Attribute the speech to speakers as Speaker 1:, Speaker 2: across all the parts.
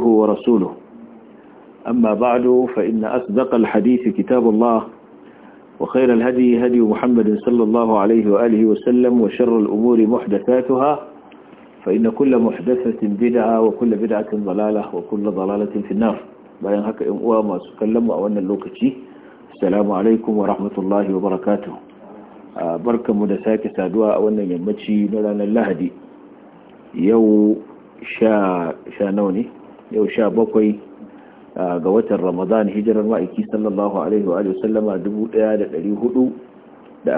Speaker 1: عبده ورسوله أما بعد فإن أصدق الحديث كتاب الله وخير الهدي هدي محمد صلى الله عليه وآله وسلم وشر الأمور محدثاتها فإن كل محدثة بدعة وكل بدعة ضلالة وكل ضلالة في النار bayan haka ‘yan uwa masu kallon mu a wannan lokaci assalamu alaikum wa rahmatullahi wa barakatuh barkanmu da sake saduwa a wannan yammaci na ranar lahadi yau sha nawa ne yau sha bakwai ga watan ramadan hijirar ma'aiki sallallahu alaihi wa sallama 1441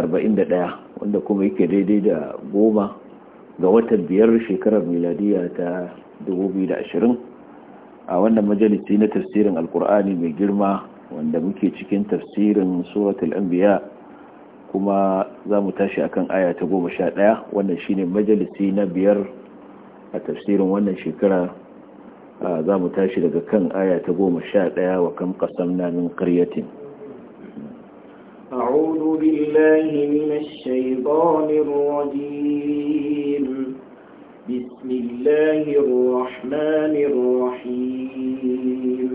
Speaker 1: wanda kuma yake daidai da goma ga watan biyar shekarar miladiya ta ashirin. a wannan majalisi na tafsirin alkur'ani mai girma wanda muke cikin tafsirin suratul anbiya kuma za mu tashi a kan aya ta goma sha ɗaya wannan shine majalisi na biyar a tafsirin wannan shekarar. za mu tashi daga kan aya ta goma sha ɗaya wa kan ƙasamna min ƙaryatin
Speaker 2: أعوذ بالله من الشيطان الرجيم بسم الله الرحمن الرحيم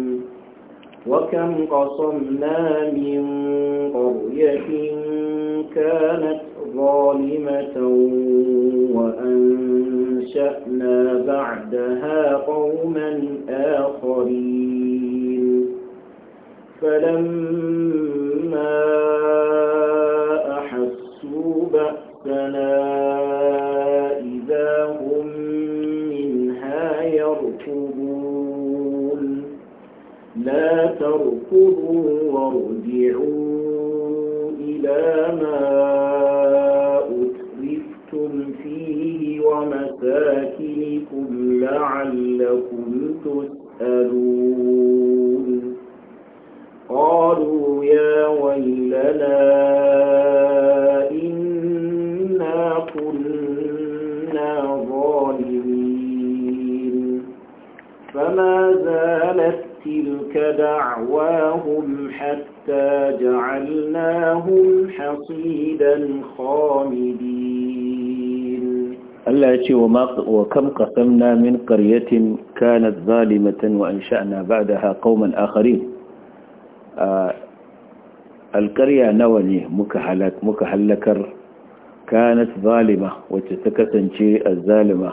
Speaker 2: وكم قصمنا من قرية كانت ظالمة وأنشأنا بعدها قوما آخرين فلما أحسوا بأسنا إذا هم منها يركضون لا تركضوا وارجعوا إلى ما
Speaker 1: وكم قسمنا من قرية كانت ظالمة وأنشأنا بعدها قوما آخرين القرية نوني مكهلك مكهلكر كانت ظالمة وتتكسنشي الظالمة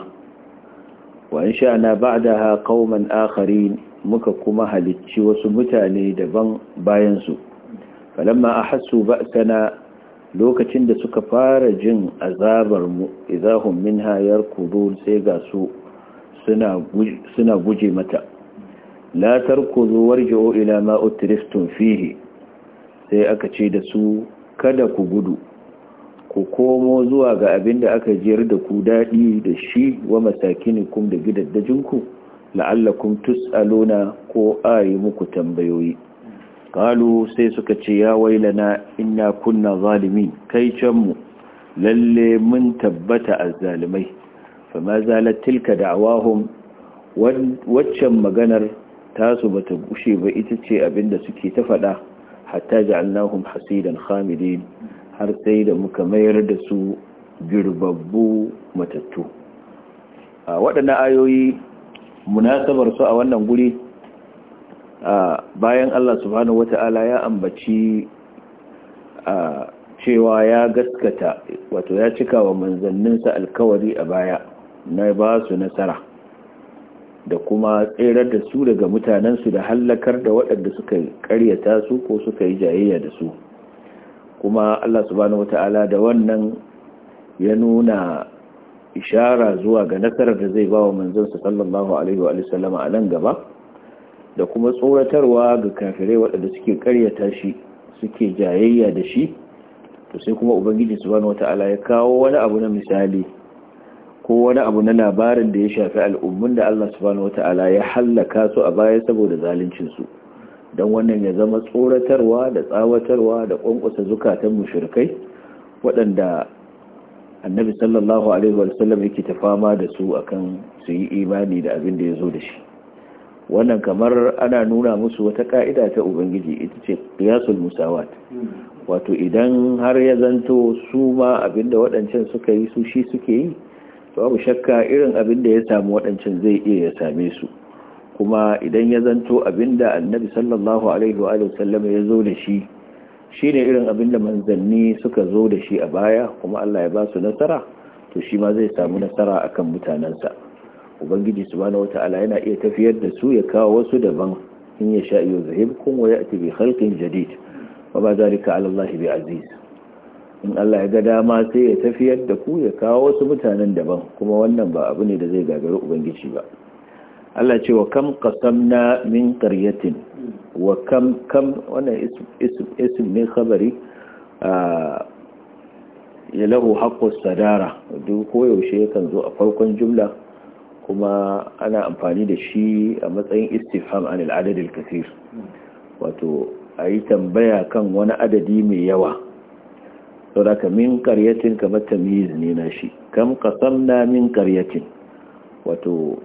Speaker 1: وأنشأنا بعدها قوما آخرين مككما هلتشي وسمتاني دبن باينسو فلما أحسوا بأسنا lokacin da suka fara jin azabar mu izahum minha yarkudun sai ga su suna guje mata la tarkudu warji'u ila ma utriftum fihi sai aka ce da su kada ku gudu ku komo zuwa ga abinda aka jiyar da ku dadi da shi wa masakinikum da gidaddajinku la'allakum tus'aluna ko ayi muku tambayoyi kalu sai suka ce ya wailana inna kunna zalimi kai canmu lalle mun tabbata azzalimai fama zalat tilka da'awahum waccan maganar tasu bata gushe ba ita ce abinda suke ta faɗa hatta allahun hasidan khamidin har sai da muka mayar da su girbabbu matattu a waɗannan ayoyi munasabar su a wannan guri bayan Allah subhanahu wata'ala ya ambaci cewa ya gaskata wato ya cika wa manzanninsa alkawari a baya na ba su nasara da kuma tserar da su daga mutanensu da hallakar da waɗanda suka karyata su ko suka yi jayayya da su kuma Allah subhanahu wata'ala da wannan ya nuna ishara zuwa ga nasarar da zai ba wa manzansa sallallahu alaihi wa sallama a nan gaba da kuma tsoratarwa ga kafirai waɗanda suke karyata shi suke jayayya da shi to sai kuma ubangiji subhanahu wata'ala ya kawo wani abu na misali ko wani abu na labarin da ya shafi al'ummun da Allah subhanahu wata'ala ya hallaka su a baya saboda zaluncin su dan wannan ya zama tsoratarwa da tsawatarwa da kwankwasa zukatan mushrikai waɗanda annabi sallallahu alaihi sallam yake tafama da su akan su yi imani da abin da ya zo da shi wannan kamar ana nuna musu wata ka'ida ta ubangiji ita ce kiyasul musawat wato idan har ya zanto su ma abinda waɗancan suka yi su shi suke yi to abu shakka irin abinda ya samu waɗancan zai iya ya same su kuma idan ya zanto abinda annabi sallallahu alaihi wa sallam ya zo da shi shine irin abinda manzanni suka zo da shi a baya kuma Allah ya ba su nasara to shi ma zai samu nasara akan mutanensa. ubangiji subhanahu wata'ala yana iya tafiyar da su ya kawo wasu daban in ya sha iyo zahibkum wa ya'ti bi khalqin jadid wa ba zalika ala Allah bi aziz in Allah ya ga dama sai ya tafiyar da ku ya kawo wasu mutanen daban kuma wannan ba abu ne da zai gagari ubangiji ba Allah ce wa kam qasamna min qaryatin wa kam kam wannan ism ism ne khabari ya lahu haqqus sadara duk koyaushe yakan zo a farkon jumla kuma ana amfani da shi a matsayin istifham an al'adadil kasir wato a yi tambaya kan wani adadi mai yawa sauraka min karyatin kamar tamiz ne na shi kam kasamna min karyatin wato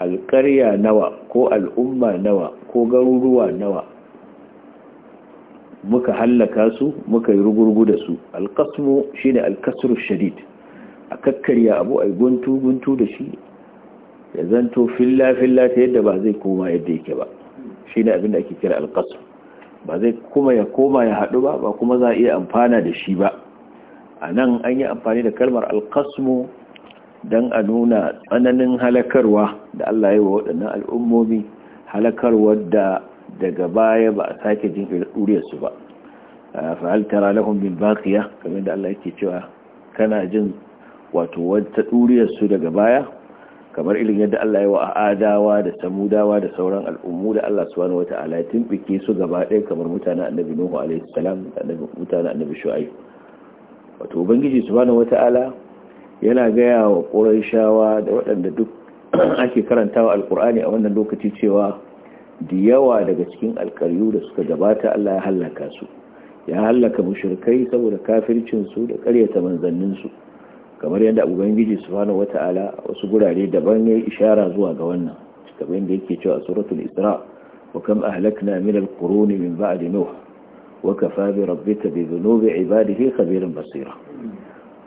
Speaker 1: alkarya nawa ko al'umma nawa ko garuruwa nawa muka hallaka su muka yi rugurgu da su alkasmu shine alkasru shadid a kakkarya abu a guntu guntu da shi ya zanto filla filla ta yadda ba zai koma yadda yake ba shine abin da ake kira alqasr ba zai kuma ya koma ya haɗu ba ba kuma za a iya amfana da shi ba a nan an yi amfani da kalmar alƙasmu don a nuna tsananin halakarwa da Allah ya yi wa waɗannan al'ummomi halakarwa da daga baya ba a sake jin ɗuriyarsu ba fa'al tara lahum bin bakiya kamar da Allah yake cewa kana jin wato wata ɗuriyarsu daga baya kamar ilin yadda Allah ya wa adawa da samudawa da sauran al'ummu da Allah subhanahu wata'ala ya tumbike su gaba ɗaya kamar mutanen annabi Nuhu alaihi salam da mutanen annabi Shu'aib wato ubangiji subhanahu wata'ala yana gaya wa Qurayshawa da waɗanda duk ake karantawa alqur'ani a wannan lokaci cewa da yawa daga cikin alƙaryu da suka gabata Allah ya hallaka su ya hallaka mushrikai saboda kafircin su da ƙaryata manzannin su kamar yadda ubangiji subhanahu wata'ala wasu gurare daban ya ishara zuwa ga wannan kamar yadda yake cewa a suratul isra wa kam ahlakna min al-quruni min ba'di nuh wa kafa bi rabbika bi dhunubi ibadihi khabiran basira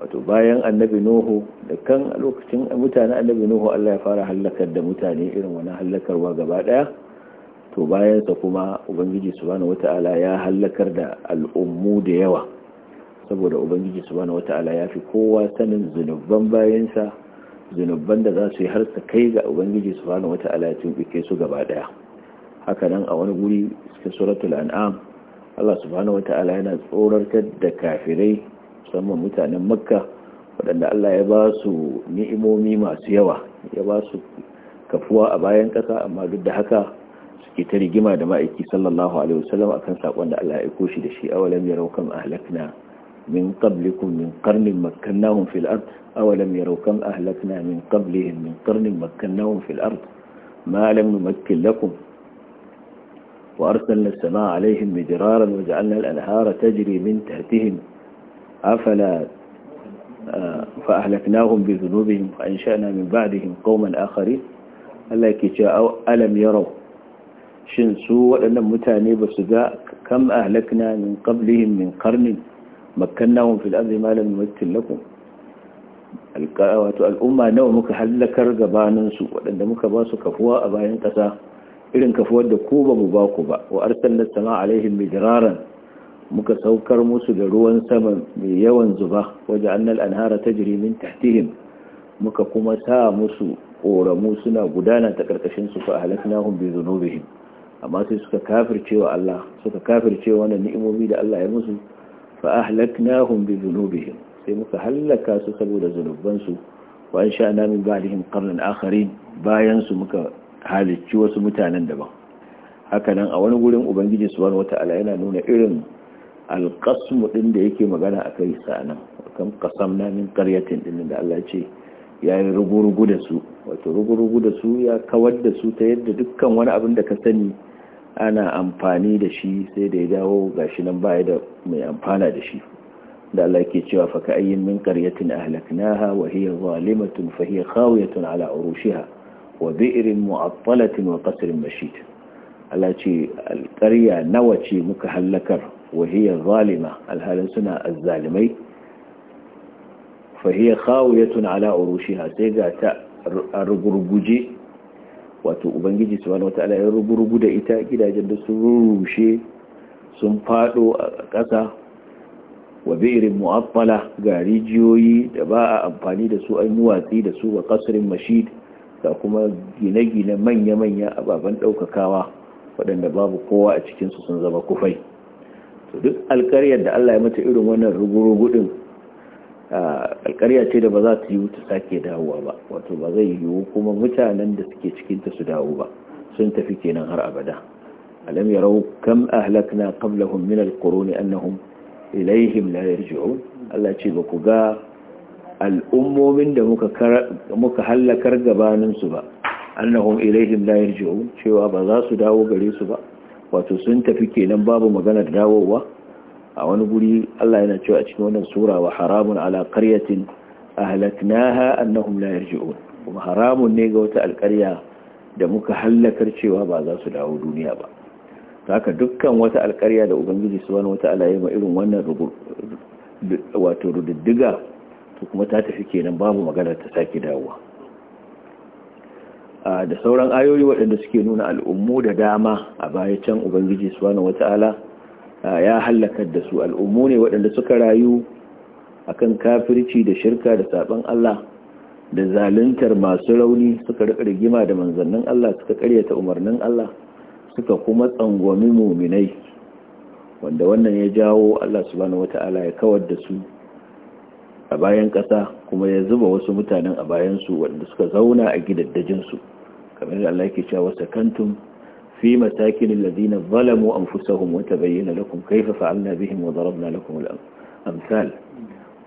Speaker 1: wato bayan annabi nuhu da kan lokacin mutanen annabi nuhu Allah ya fara halakar da mutane irin wani halakarwa gaba daya to bayansa kuma ubangiji subhanahu wata'ala ya halakar da al'ummu da yawa saboda ubangiji subhanahu wata'ala ya kowa sanin zunuban bayansa zunuban da za su yi har su kai ga ubangiji subhanahu wata'ala ya tumbike su gaba daya haka nan a wani guri cikin suratul an'am Allah subhanahu wata'ala yana tsoratar da kafirai musamman mutanen makka waɗanda Allah ya ba su ni'imomi masu yawa ya ba su kafuwa a bayan ƙasa amma duk da haka suke ta rigima da ma'aiki sallallahu alaihi wasallam akan sakon da Allah ya aiko shi da shi awalan yarau kam ahlakna من قبلكم من قرن مكناهم في الأرض أولم يروا كم أهلكنا من قبلهم من قرن مكناهم في الأرض ما لم نمكن لكم وأرسلنا السماء عليهم مدرارا وجعلنا الأنهار تجري من تحتهم أفلا آه، فأهلكناهم بذنوبهم وأنشأنا من بعدهم قوما آخرين ألا ke ألم يروا alam yarau shin su كم أهلكنا من قبلهم من قرن ahlakna makan fil ardi ma lam numakkin lakum al'umma nawa muka hallakar gabanin su waɗanda muka ba su kafuwa a bayan ƙasa irin kafuwar da ku ba mu ba ku ba wa arsalna sama alaihim muka saukar musu da ruwan sama mai yawan zuba waje annal anhara tajri min tahtihim muka kuma sa musu koramu suna gudana ta karkashin su fa halaknahum bi dhunubihim amma sai suka kafircewa Allah suka kafircewa wannan ni'imomi da Allah ya musu fa ahlaknahum bi dhunubihim sai muka hallaka su saboda su wa an Allah min ba'dihim qarnan akharin bayan su muka halicci wasu mutanen daban hakanan a wani gurin ubangiji subhanahu wata'ala yana nuna irin alqasmu din da yake magana akai sanan kam qasamna min qaryatin din da Allah ya ce ya yi rugurugu da su wato rugurugu da su ya kawar da su ta yadda dukkan wani abin da ka sani ana amfani da shi sai da ya dawo shi nan baya da mai amfana da shi da Allah cewa fa ka ayyin min qaryatin ahlaknaha wa hiya zalimatun fa hiya khawiyatun ala urushiha wa bi'rin mu'attalatin wa qasrin mashid Allah ce alƙarya nawa ce muka hallakar wa hiya zalima alhalin suna azzalimai fa hiya khawiyatun ala urushiha sai ga ta rugurguje wato ubangiji wani wata ya rugurugu da ita gidajen da sun rushe sun fado a ƙasa wa irin mu'affala ga rijiyoyi da ba a amfani da su an yi watsi da su wa kasarin mashid da kuma gine-gine manya-manya a baban ɗaukakawa waɗanda babu kowa a cikinsu sun zama kufai to duk alƙaryar da Allah ya mata irin wannan rugurugudin alkarya ce da ba za ta yiwu ta sake dawowa ba wato ba zai yiwu kuma mutanen da suke cikinta su dawo ba sun tafi kenan har abada alam yarau kam ahlakna qablahum min alquruni annahum ilaihim la yarji'un Allah ce ba ku ga al'ummomin da muka muka halakar gabanin su ba annahum ilaihim la yarji'un cewa ba za su dawo gare su ba wato sun tafi kenan babu magana dawowa a wani guri Allah yana cewa a cikin wannan sura wa haramun ala qaryatin ahlaknaha annahum la yarji'un kuma haramun ne ga wata alƙarya da muka hallakar cewa ba za su dawo duniya ba haka dukkan wata alƙarya da ubangiji su wani wata alaye ma irin wannan wato rududdiga to kuma ta tafi kenan babu magana ta sake dawowa da sauran ayoyi waɗanda suke nuna al'ummu da dama a baya can ubangiji su wani wata alaye ya halakar da su al'ummu ne waɗanda suka rayu a kan kafirci da shirka da sabon Allah da zaluntar masu rauni suka rika rigima da manzannin Allah suka karyata umarnin Allah suka kuma tsangwami muminai wanda wannan ya jawo Allah subhanahu wata'ala ya kawar da su a bayan ƙasa kuma ya zuba wasu mutanen a bayansu waɗanda suka zauna a gidaddajinsu kamar da Allah ke cewa sakantum fi masakin alladhina zalamu anfusahum wa tabayyana lakum kayfa fa'alna bihim wa darabna lakum al-amsal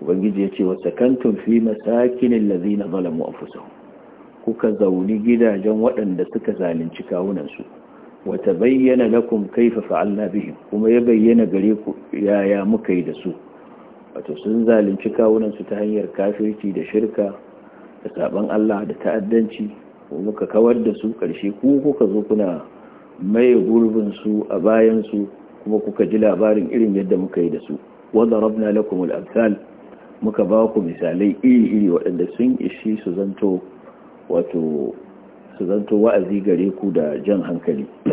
Speaker 1: ubangiji yace wa sakantum fi masakin alladhina zalamu anfusahum kuka zauni gidajen waɗanda suka zalunci kawunan su wa tabayyana lakum kayfa fa'alna bihim kuma ya bayyana gare ku yaya muka yi da su wato sun zalunci kawunan su ta hanyar kafirci da shirka da saban Allah da ta'addanci ko muka kawar da su karshe ku kuka zo kuna mai gurbin su a bayan su kuma kuka ji labarin irin yadda muka yi da su wanda rabna lakum al-amsal muka ba ku misalai iri-iri waɗanda sun ishi su zanto wato su zanto wa'azi gare ku da jan hankali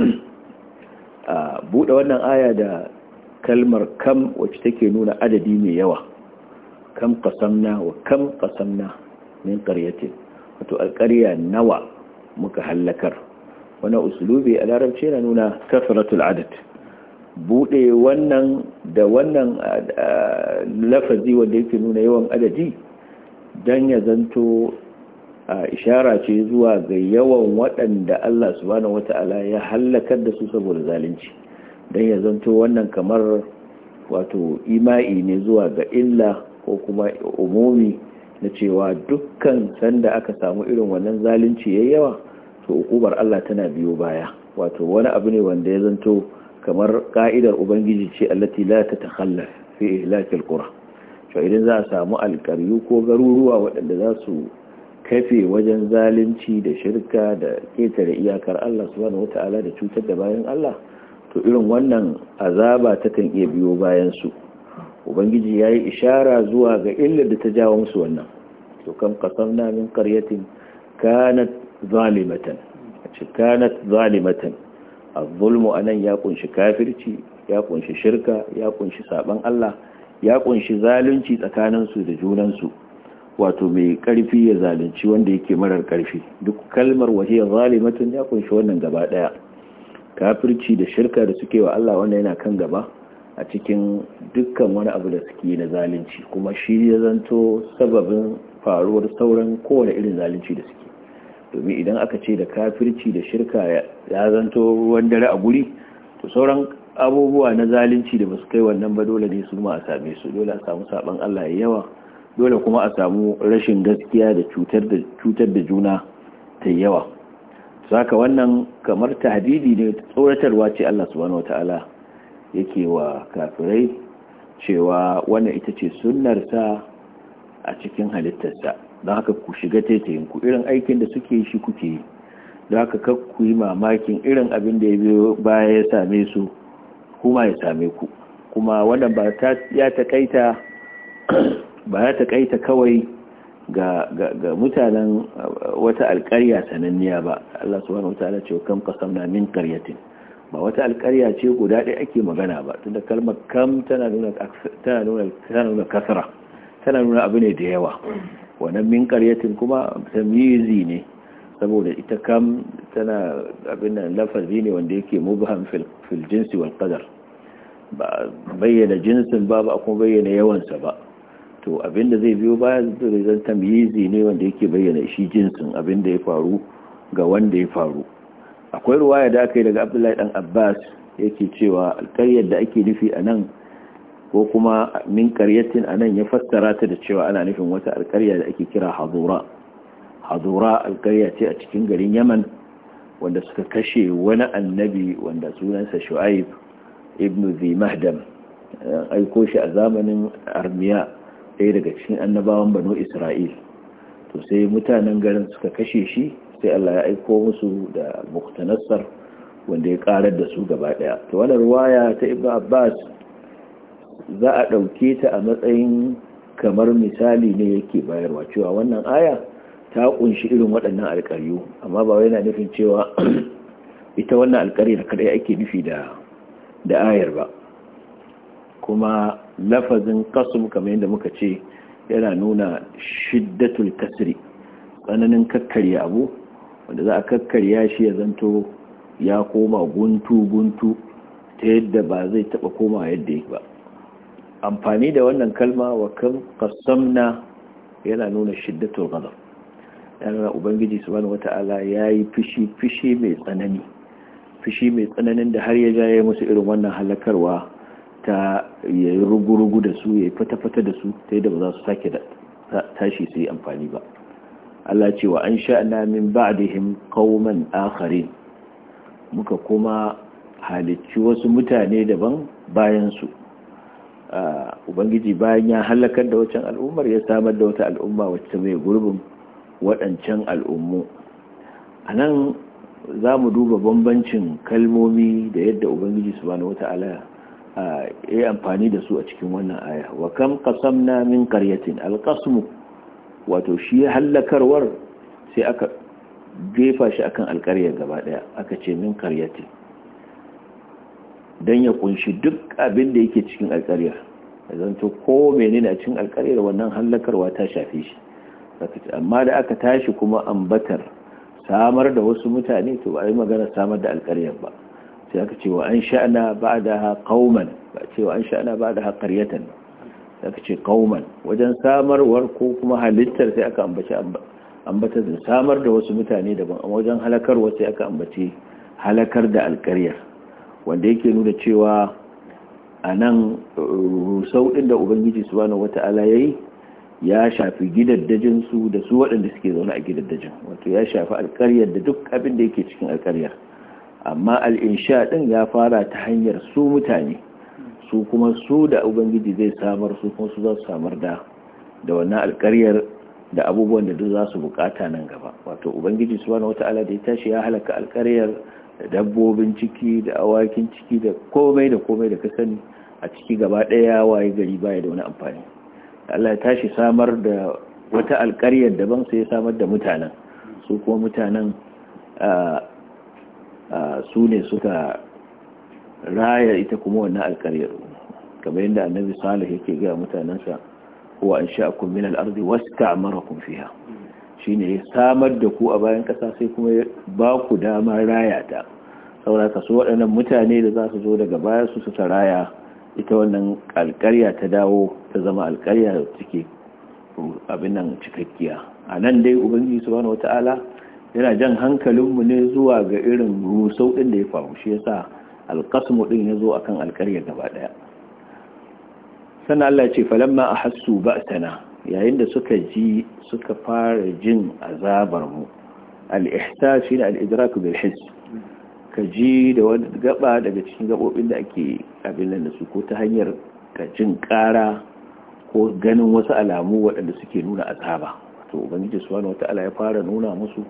Speaker 1: a buɗe wannan aya da kalmar kam wacce take nuna adadi mai yawa kam kasamna wa kam kasamna min ƙaryatin wato alƙarya nawa muka hallakar wani usulubi a larabci yana nuna kafaratul adad bude wannan da wannan lafazi wanda yake nuna yawan adadi don ya zanto ishara ce zuwa ga yawan waɗanda Allah subhanahu wata'ala ya hallakar da su saboda zalunci don ya zanto wannan kamar wato ima'i ne zuwa ga illa ko kuma umumi na cewa dukkan sanda aka samu irin wannan zalunci yayi yawa to ukubar Allah tana biyo baya wato wani abu ne wanda ya zanto kamar ka'idar ubangiji ce allati la tatakhallaf fi ihlakil qura to idan za a samu alkaryu ko garuruwa waɗanda za su kafe wajen zalunci da shirka da ketare iyakar Allah subhanahu wata'ala da cutar da bayan Allah to irin wannan azaba ta kan iya biyo bayan su ubangiji yayi ishara zuwa ga illar da ta jawo musu wannan to kam qasamna min qaryatin kanat zalimatan ce kanat zalimatan az-zulmu anan ya kunshi kafirci ya kunshi shirka ya kunshi saban Allah ya kunshi zalunci tsakanin su da junan su wato mai karfi ya zalunci wanda yake marar karfi duk kalmar waje zalimatan ya kunshi wannan gaba daya kafirci da shirka da suke wa Allah wannan yana kan gaba a cikin dukkan wani abu da suke na zalunci kuma shi ya zanto sababin faruwar sauran kowane irin zalunci da suke domin idan aka ce da kafirci da shirka ya zanto ruwan dare a guri to sauran abubuwa na zalunci da basu kai wannan ba dole ne su ma a same su dole a samu saban Allah ya yawa dole kuma a samu rashin gaskiya da cutar da cutar da juna ta yawa saka wannan kamar tahdidi ne tsoratarwa ce Allah subhanahu wataala yake wa kafirai cewa wannan ita ce sunnar sa a cikin halittarsa don haka ku shiga taitayin ku irin aikin da suke shi kuke yi don haka kar ku yi mamakin irin abin da ya biyo baya ya same su kuma ya same ku kuma wannan ba ta ya takaita ba ya takaita kawai ga ga mutanen uh, wata alƙarya sananniya ba Allah subhanahu wataala ce kam qasamna min qaryatin ba wata alƙarya ce guda ɗaya ake magana ba tunda kalmar kam tana nuna tana nuna tana nuna tana nuna abu ne da yawa wannan min kuma tamyizi ne saboda ita kam tana abin nan lafazi ne wanda yake mubham fil jinsi wal qadar ba bayyana jinsin ba ba kuma bayyana yawansa ba to abinda zai biyo baya zan tamyizi ne wanda yake bayyana shi jinsin abin da ya faru ga wanda ya faru akwai ruwaya da aka yi daga abdullahi dan abbas yake cewa alƙaryar da ake nufi a nan ko kuma min karyatin anan ya fassara ta da cewa ana nufin wata alkarya da ake kira hadura hadura alkarya ce a cikin garin yaman wanda suka kashe wani annabi wanda sunansa shu'aib ibn zi mahdam aiko shi a zamanin armiya ɗaya daga cikin annabawan banu isra'il to sai mutanen garin suka kashe shi sai allah ya aiko musu da muktanassar wanda ya karar da su gaba ɗaya ta wannan ruwaya ta ibn abbas za a ɗauke ta a matsayin kamar misali ne yake bayarwa cewa wannan aya ta kunshi irin waɗannan alƙaryu amma ba wai yana nufin cewa ita wannan alƙaryar kadai ake nufi da da ayar ba kuma lafazin kasum kamar yadda muka ce yana nuna shiddatul kasri tsananin kakkarya abu wanda za a kakkarya shi ya zanto ya koma guntu-guntu ta yadda ba zai taba koma yadda yake ba amfani da wannan kalma wa kan kasamna yana nuna shiddatul ghadab yana ubangiji subhanahu wata'ala yayi fishi fishi mai tsanani fishi mai tsananin da har ya jaye musu irin wannan halakarwa ta yayi rugurugu da su yayi fata-fata da su ta da ba za su sake da tashi su yi amfani ba Allah ce wa an sha'na min ba'dihim qauman akharin muka kuma halicci wasu mutane daban bayan su ubangiji bayan ya halakar da waccan al'ummar ya samar da wata al'umma wacce mai gurbin waɗancan al'ummu a nan za mu duba bambancin kalmomi da yadda ubangiji su wata ala ya yi amfani da su a cikin wannan aya wa kam na min karyatin alqasmu wato shi hallakarwar sai aka gefa shi akan alƙarya gaba ɗaya aka ce min karyatin. don ya kunshi duk abin da yake cikin alƙaryar zanto ko menene a cikin alƙaryar wannan hallakarwa ta shafe shi amma da aka tashi kuma ambatar samar da wasu mutane to ba yi magana samar da alƙaryar ba sai aka ce wa an sha'ana ba da ha kauman ba ce wa an sha'ana ba da ha karyatan sai aka ce kauman wajen samarwar ko kuma halittar sai aka ambace ambatar da samar da wasu mutane daban wajen halakarwa sai aka ambaci halakar da alƙaryar wanda yake nuna cewa a nan uh, rusau ɗin da ubangiji su bane wata'ala ya yi ya shafi gidaddajin su da su waɗanda suke zaune a gidaddajin wato ya shafi alkaryar da duk abin da yake cikin alkaryar amma al'insha ɗin ya fara ta hanyar su mutane su kuma su da ubangiji zai samar su kuma su za su samar da da wannan alkaryar da abubuwan da duk za su bukata nan gaba wato ubangiji subhanahu wata'ala da ya tashi ya halaka alkaryar da dabbobin ciki da awakin ciki da komai da komai da kasani a ciki gaba ɗaya waye gari baya da wani amfani Allah ya tashi samar da wata alƙaryar daban sai ya samar da mutanen su kuma mutanen su ne suka raya ita kuma wannan alƙaryar kamar yadda annabi salih yake ga mutanensa huwa an sha'akum min al-ardi wasta'marakum fiha shine ya samar da ku a bayan ƙasa sai kuma ba ku dama raya ta saboda su waɗannan mutane da za su zo daga baya su su ita wannan alkarya ta dawo ta zama alƙarya da suke abin nan cikakkiya a nan dai ubangiji bane wata'ala yana jan hankalinmu ne zuwa ga irin rusau ɗin da ya faru shi yasa alƙasmu ɗin ya zo a kan alkarya gaba ɗaya sannan Allah ce falamma a hassu sana yayin da suka ji suka fara jin azabarmu mu al-ihsas shi ne al-idrak bil hiss ka ji da wani gaba daga cikin gabobin da ake abin nan da su ko ta hanyar ka jin ko ganin wasu alamu waɗanda suke nuna azaba to ubangiji subhanahu wata'ala ya fara nuna musu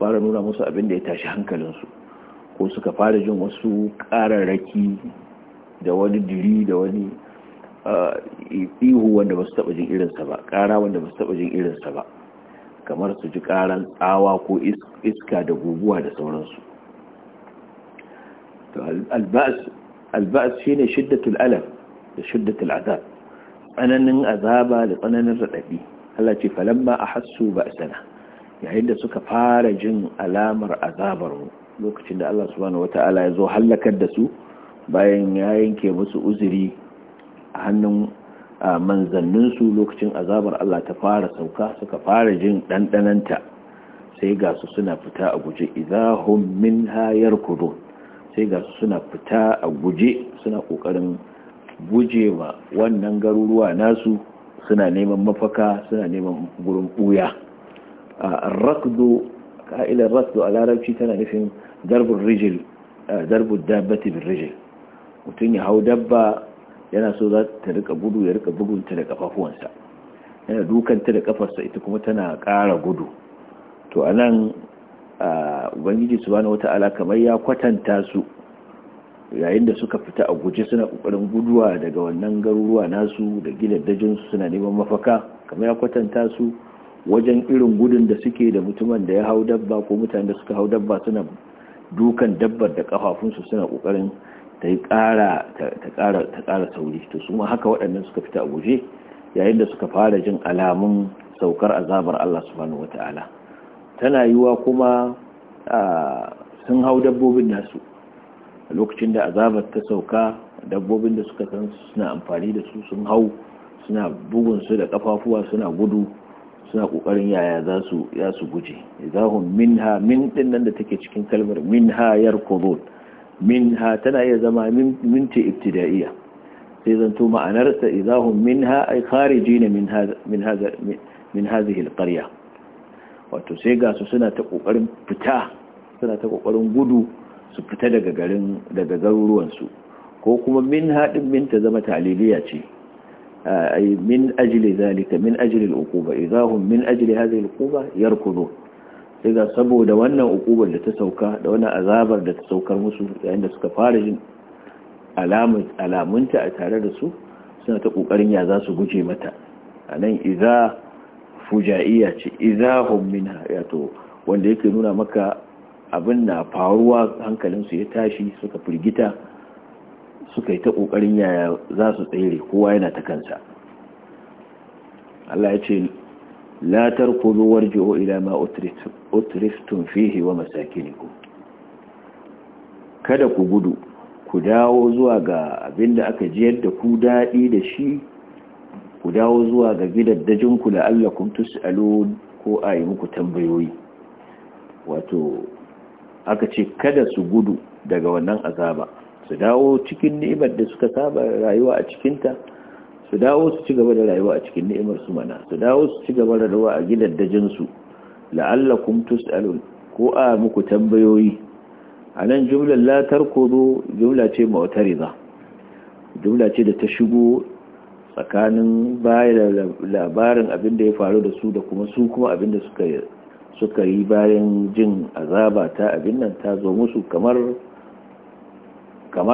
Speaker 1: fara nuna musu abin da ya tashi hankalinsu ko suka fara jin wasu ƙararraki da wani diri da wani ihu wanda ba su taɓa jin irinsa ba ƙara wanda ba su taɓa jin irinsa ba kamar su ji ƙaran tsawa ko iska da guguwa da sauransu to alba'as shine shiddatul alam da shiddatul azab tsananin azaba da tsananin radadi Allah ce falamma ahassu ba'sana yayin da suka fara jin alamar azabar mu lokacin da Allah subhanahu wata'ala ya zo halakar da su bayan ya yanke musu uzuri a hannun manzanninsu lokacin azabar Allah ta fara sauka suka fara jin ɗanɗananta sai ga su suna fita a guje idahun hayar kudu sai ga suna fita a guje suna kokarin guje ma wannan garuruwa nasu suna neman mafaka suna neman gurin buya rakdu ka'ilar rakdu a larabci tana nufin darbin rijil darbin dabbati bin rijil mutum ya hau dabba yana so za ta rika gudu ya rika bugunta da kafafuwansa yana dukanta da kafarsa ita kuma tana kara gudu to a nan ubangiji subhanahu wata'ala kamar ya kwatanta su yayin da suka fita a guje suna kokarin guduwa daga wannan garuruwa nasu da gidaddajin su suna neman mafaka kamar ya kwatanta su wajen irin gudun da suke da mutumin da ya hau dabba ko mutane da suka hau dabba suna dukan dabbar da kafafunsu suna kokarin ta ƙara sauri to su haka waɗannan suka fita a guje yayin da suka fara jin alamun saukar azabar Allah subhanahu wata'ala tana yiwa kuma sun hau dabbobin nasu a lokacin da azabar ta sauka dabbobin da suka san suna amfani da su sun hau suna bugunsu da kafafuwa suna gudu suna kokarin yaya za su ya su guje izahun minha min din nan da take cikin kalmar minha min minha tana iya zama minti ibtidaiya sai zan to ma'anarsa izahun minha ay kharijina min hada min hadhihi alqarya wato sai ga su suna ta kokarin fita suna ta kokarin gudu su fita daga garin daga garuruwansu ko kuma min haɗin min ta zama taliliya ce min ajili zalika min ajili al'uquba idahum min ajili hadhihi al'uquba yarkudu sai ga saboda wannan uqubar da ta sauka da wannan azabar da ta saukar musu yayin da suka fara jin alamunta a tare da su suna ta kokarin ya za su guje mata anan idza fujaiya ce izahum minha yato wanda yake nuna maka abin na faruwa hankalinsu ya tashi suka firgita suka yi ta kokarin yaya za su tsere kowa yana ta kansa Allah ya ce la tarkudu warji'u ila ma utriftum fihi wa masakinikum kada ku gudu ku dawo zuwa ga abinda aka jiyar da ku daɗi da shi ku dawo zuwa ga gidaddajinku la'allakum tus'alun ko a yi muku tambayoyi wato aka ce kada su gudu daga wannan azaba su dawo cikin ni'imar da suka saba rayuwa a cikinta su dawo su ci gaba da rayuwa a cikin ni'imar su mana su dawo su ci gaba da rayuwa a gidaddajin su la'allakum tus'alu ko a muku tambayoyi a anan jumlar la tarkudu jumla ce mu'tarida jumla ce da ta shigo tsakanin baya da labarin abin da ya faru da su da kuma su kuma abin da suka yi bayan jin azaba ta abin nan ta zo musu kamar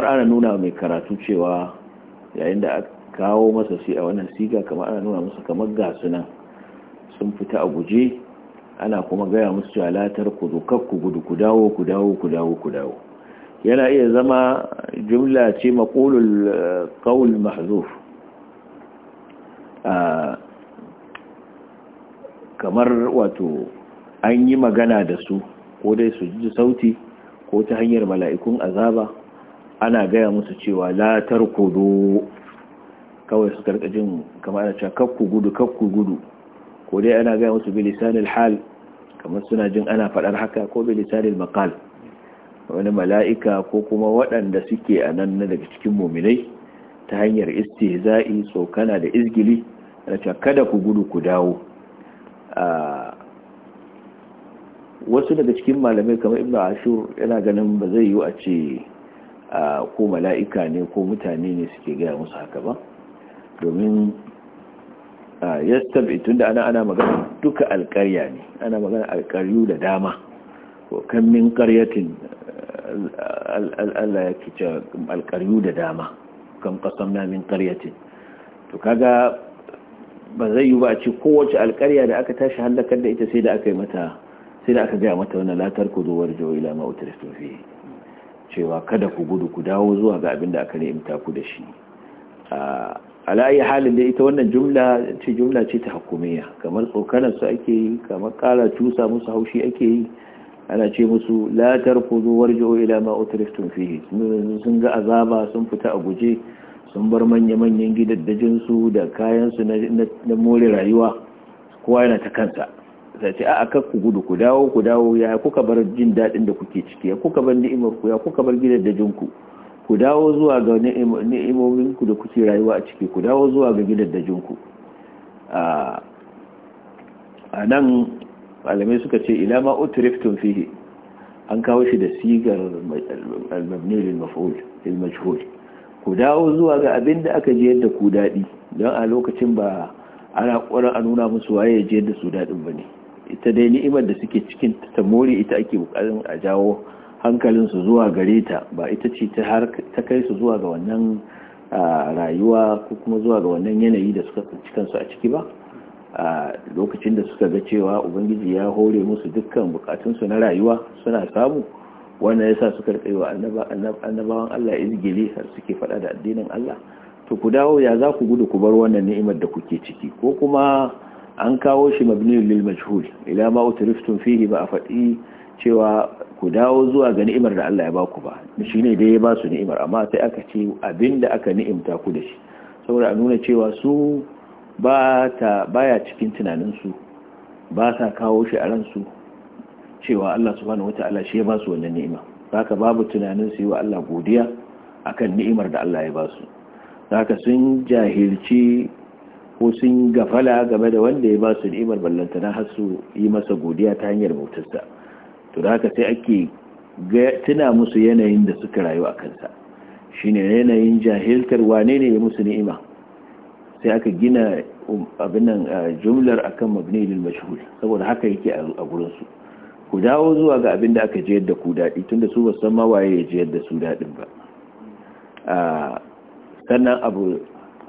Speaker 1: ana nuna mai karatu cewa yayin da aka kawo masa shi a wannan siga kamar ana nuna musu kamar gasu nan sun fita a guje ana kuma gaya musu cewa latar ku zo ku gudu ku dawo ku dawo ku dawo ku dawo yana iya zama jumla ce maƙulul eh, qawl mahzuf kamar wato an yi magana da su ko dai su ji sauti ko ta hanyar mala'ikun azaba ana gaya musu cewa latar kudu kawai su karkajin kamar ana cewa kakku gudu kakku gudu ko dai ana gaya musu bilisanil hal kamar suna jin ana faɗar haka ko bilisanil makal wani mala'ika ko kuma waɗanda suke a nan daga cikin muminai ta hanyar istihza'i tsokana da izgili da kada ku gudu ku dawo wasu daga cikin malamai kamar ibn ashur yana ganin ba zai yi a ce ko mala'ika ne ko mutane ne suke gaya musu haka ba domin yastabi tun ana ana magana duka alkarya ne ana magana alkaryu da dama kan min karyatin Allah ya kice alkaryu da dama kan kasam na min karyatin to kaga ba zai yi ba a ce kowace alkarya da aka tashi hallakar da ita sai da aka yi mata sai da aka gaya mata wani latar ku zuwar jawo ila ma'utaristu fi cewa kada ku gudu ku dawo zuwa ga abin da aka ni'imta ku da shi layi halin da ita wannan jumla ce jumla ce ta hukumiya kamar tsokanar su ake yi kamar kara cusa musu haushi ake yi ana ce musu latar ku zuwar jawo ila ma'utaristu fi sun ga azaba sun fita a guje sun bar manya-manyan gidaddajinsu da kayansu na more rayuwa kowa yana ta kansa ta ce a aka ku gudu ku dawo ku dawo ya kuka bar jin daɗin da kuke ciki ya kuka bar ni'imarku ya kuka bar gidaddajinku ku dawo zuwa ga ni'imominku da kuke rayuwa a ciki ku dawo zuwa ga gidaddajinku a nan malamai suka ce ila ma utriftun fihi an kawo shi da sigar al-mabni lil maf'ul lil majhul ku dawo zuwa ga abin da aka je da ku daɗi don a lokacin ba ana ƙwarar a nuna musu waye ya je yadda su daɗin ba ne ita dai ni'imar da suke cikin ta more ita ake bukarin a jawo hankalinsu zuwa gare ta ba ita ce ta kai su zuwa ga wannan rayuwa ko kuma zuwa ga wannan yanayi da suka tsinci kansu a ciki ba a lokacin da suka ga cewa ubangiji ya hore musu dukkan bukatunsu na rayuwa suna samu wannan yasa suka rike annabawan Allah izgili har suke faɗa da addinin Allah to ku dawo ya za ku gudu ku bar wannan ni'imar da kuke ciki ko kuma an kawo shi mabni lil majhul ila ma utriftum fihi ba a faɗi cewa ku dawo zuwa ga ni'imar da Allah ya baku ba shine dai ya ba su ni'imar amma sai aka ce abinda aka ni'imta ku da shi saboda a nuna cewa su ba ta baya cikin tunaninsu ba sa kawo shi a ransu cewa Allah subhanahu wata'ala shi ya ba su wannan ni'ima haka babu tunanin su yi wa Allah godiya akan ni'imar da Allah ya ba su haka sun jahilci ko sun gafala game da wanda ya ba su ni'imar ta na su yi masa godiya ta hanyar bautarsa to da haka sai ake tuna musu yanayin da suka rayu a kansa shine yanayin jahiltar wane ne ya musu ni'ima sai aka gina um, abinan jumlar akan mabni lil mashhur saboda haka yake a gurin su ku dawo zuwa ga abin da aka jiyar da ku daɗi tunda su basu san ma waye ya jiyar da su daɗin ba sannan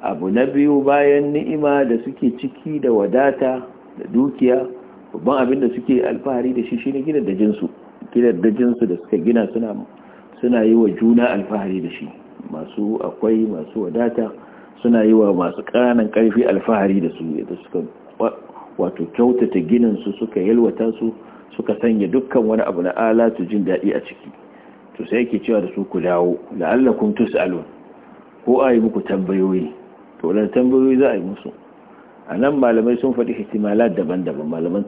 Speaker 1: abu na biyu bayan ni'ima da suke ciki da wadata da dukiya babban abin da suke alfahari da shi shine gidan dajinsu gidan dajinsu da suka gina suna suna yi wa juna alfahari da shi masu akwai masu wadata suna yi wa masu ƙananan ƙarfi alfahari da su yadda wato kyautata ginin su suka yalwata su suka sanya dukkan wani abu na alatu jin daɗi a ciki to sai yake cewa da su ku dawo la'allakum tus'alun ko a yi muku tambayoyi to wadanda tambayoyi za a yi musu a nan malamai sun faɗi hitimala daban-daban malaman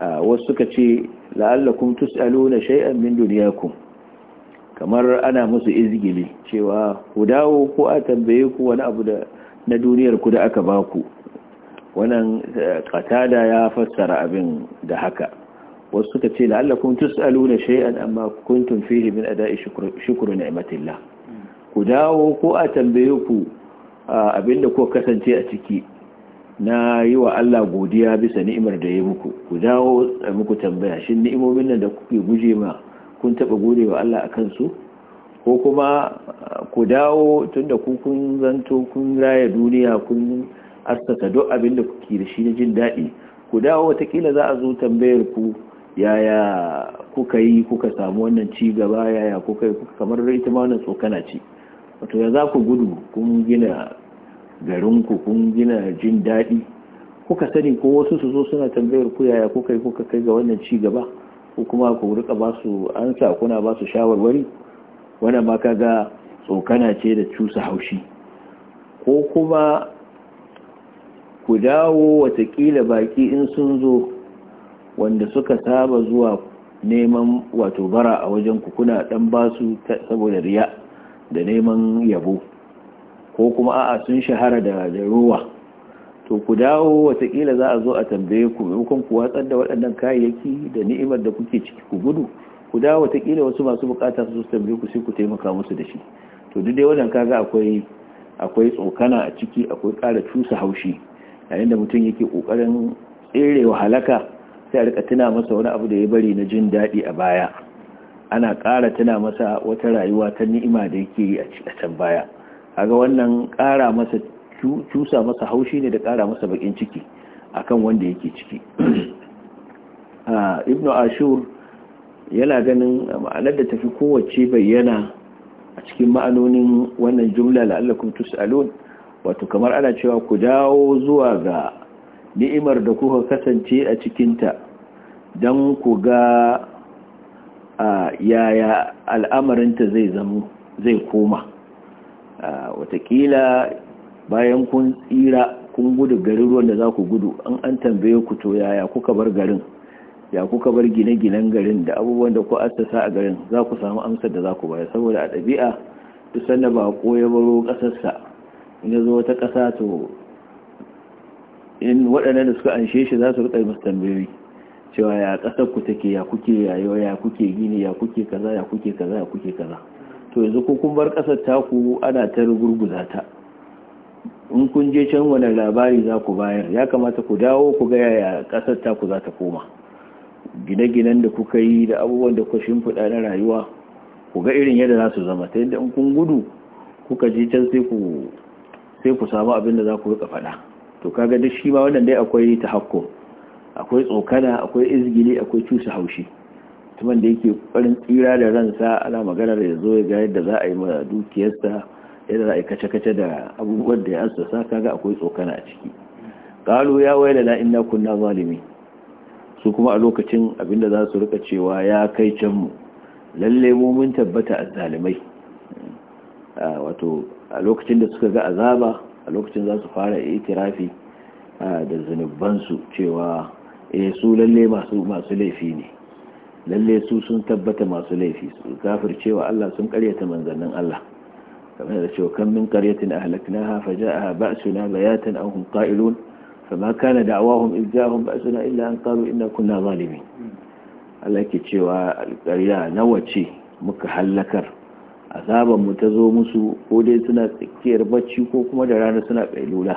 Speaker 1: a wasu suka ce la'allakum na shay'an min dunyakum kamar ana musu izgili cewa ku dawo ko a tambaye ku wani abu da na duniyar ku da aka baku wannan katada eh, ya fassara abin da haka wasu suka ce la'allakum tus'aluna shay'an amma kuntum fihi min ada'i shukru ni'matillah ku dawo ko a tambaye ku abinda ku kasance a ciki na yi wa Allah godiya bisa ni'imar da ya muku ku dawo muku tambaya shin ni'imomin nan da kuke guje ma kun taba gode wa Allah akan su ko kuma ku dawo tunda ku kun zanto kun raya duniya kun askata duk abin da kuke da shi na jin daɗi ku dawo watakila za a zo tambayar ku yaya kuka yi kuka samu wannan cigaba gaba yaya kuka yi kuka kamar ita ma wannan tsokana ce wato ya za ku gudu kun gina garinku kun gina jin daɗi kuka sani ko wasu su zo suna tambayar ku yaya kuka yi kuka kai ga wannan ci gaba ko kuma ku rika ba su ansa kuna ba su shawarwari wannan ma kaga tsokana ce da cusa haushi ko kuma ku dawo watakila baki in sun zo wanda suka saba zuwa neman wato bara a wajen ku kuna dan basu saboda riya da neman yabo ko kuma a'a sun shahara da da ruwa to ku dawo watakila za a zo a tambaye ku maimakon ku watsar da waɗannan kayayyaki da ni'imar da kuke ciki ku gudu ku dawo watakila wasu masu bukata su tambaye ku sai ku taimaka musu da shi to duk dai wannan kaga akwai akwai tsokana a ciki akwai ƙara cusa haushi yayin da mutum yake kokarin wa halaka sai a rika tuna masa wani abu da ya bari na jin daɗi a baya ana kara tuna masa wata rayuwa ta ni'ima da yake yi a cikin baya kaga wannan ƙara masa cusa masa haushi ne da ƙara masa bakin ciki akan wanda yake ciki ah, ibn ashur yana ganin ma'anar da tafi kowace bayyana a cikin ma'anonin wannan jumla la'allakum tus'alun wato kamar ana cewa ku dawo zuwa ga ni'imar da kuka kasance a cikinta don ku ga yaya al'amarinta zai zamu zai koma watakila bayan kun tsira kun gudu garin ruwan da za ku gudu an an tambaye ku to yaya kuka bar garin ya kuka bar gine-ginen garin da abubuwan da ku assasa a garin za ku samu amsar da za ku bayar saboda a ɗabi'a duk sanda ba ko ya baro ƙasarsa ya zo wata ƙasa to in waɗannan da suka anshe shi za su riƙa masu tambayoyi cewa ya ƙasar ku take ya kuke yayo ya kuke gini ya kuke kaza ya kuke kaza ya kuke kaza to yanzu ko kun bar ƙasar taku ana ta rugurguza ta in kun je can wani labari za ku bayar ya kamata ku dawo ku ga yaya ƙasar taku za ta koma gine-ginen da kuka yi da abubuwan da kuka shimfiɗa na rayuwa ku ga irin yadda za su zama ta yadda in kun gudu kuka je can sai ku sai ku samu abin da za ku rika faɗa to kaga duk shi ma wannan dai akwai tahakkum akwai tsokana akwai izgili akwai cusa haushi mutumin da yake ƙoƙarin tsira da ransa ana maganar da zo ya ga yadda za a yi ma dukiyarsa yadda za a yi kace-kace da abubuwan da ya assasa kaga akwai tsokana a ciki qalu ya na inna kunna zalimi su kuma a lokacin abin da za su rika cewa ya kai can mu lalle mu mun tabbata azzalimai ah, wato a lokacin da suka ga azaba a lokacin za su fara itirafi da zunubansu cewa e su lalle masu laifi ne lalle su sun tabbata masu laifi su cewa Allah sun karyata manzannin Allah kamar da cewa kan min qaryatin ahlaknaha fajaaha ba'suna bayatan aw hum qa'ilun fama kana da'awahum idh ja'ahum ba'suna illa an qalu inna kunna zalimin hmm. Allah cewa alƙarya nawa ce muka hallakar azaban mu ta zo musu ko dai suna tsakiyar bacci ko kuma da rana suna kailula